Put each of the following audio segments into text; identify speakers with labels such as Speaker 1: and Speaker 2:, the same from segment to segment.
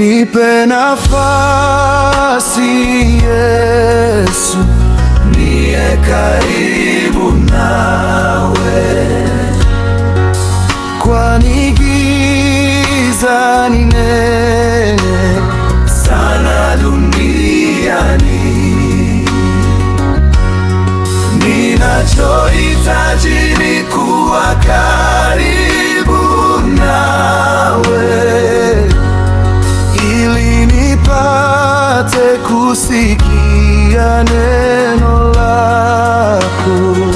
Speaker 1: Nipe nafasi Yesu,
Speaker 2: niye karibu
Speaker 1: kusikia neno lako.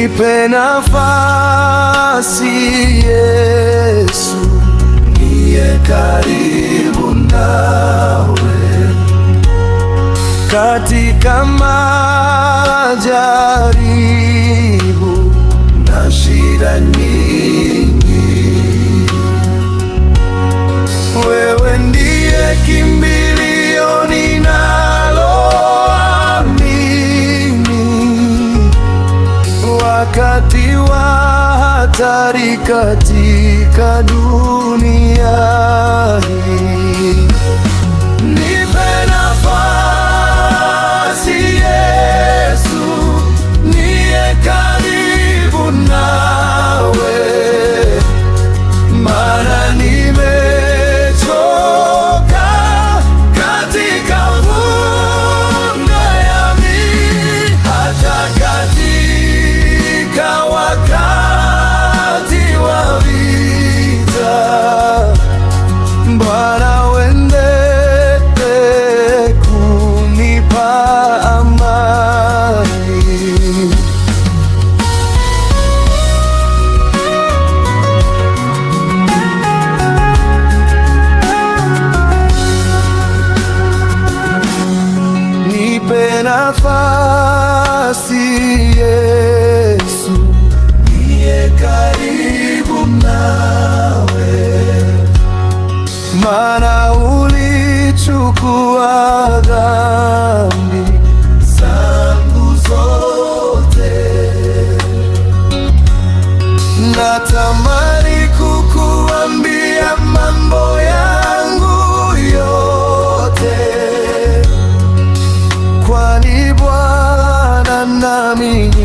Speaker 1: nipe nafasi Yesu,
Speaker 2: niye karibu nawe
Speaker 1: katika majari hatari katika dunia hii.
Speaker 2: Nipe nafasi Yesu, niye karibu na
Speaker 1: Bwana ulichukua dhambi
Speaker 2: zangu zote,
Speaker 1: natamani kukuambia mambo yangu yote, kwani Bwana nami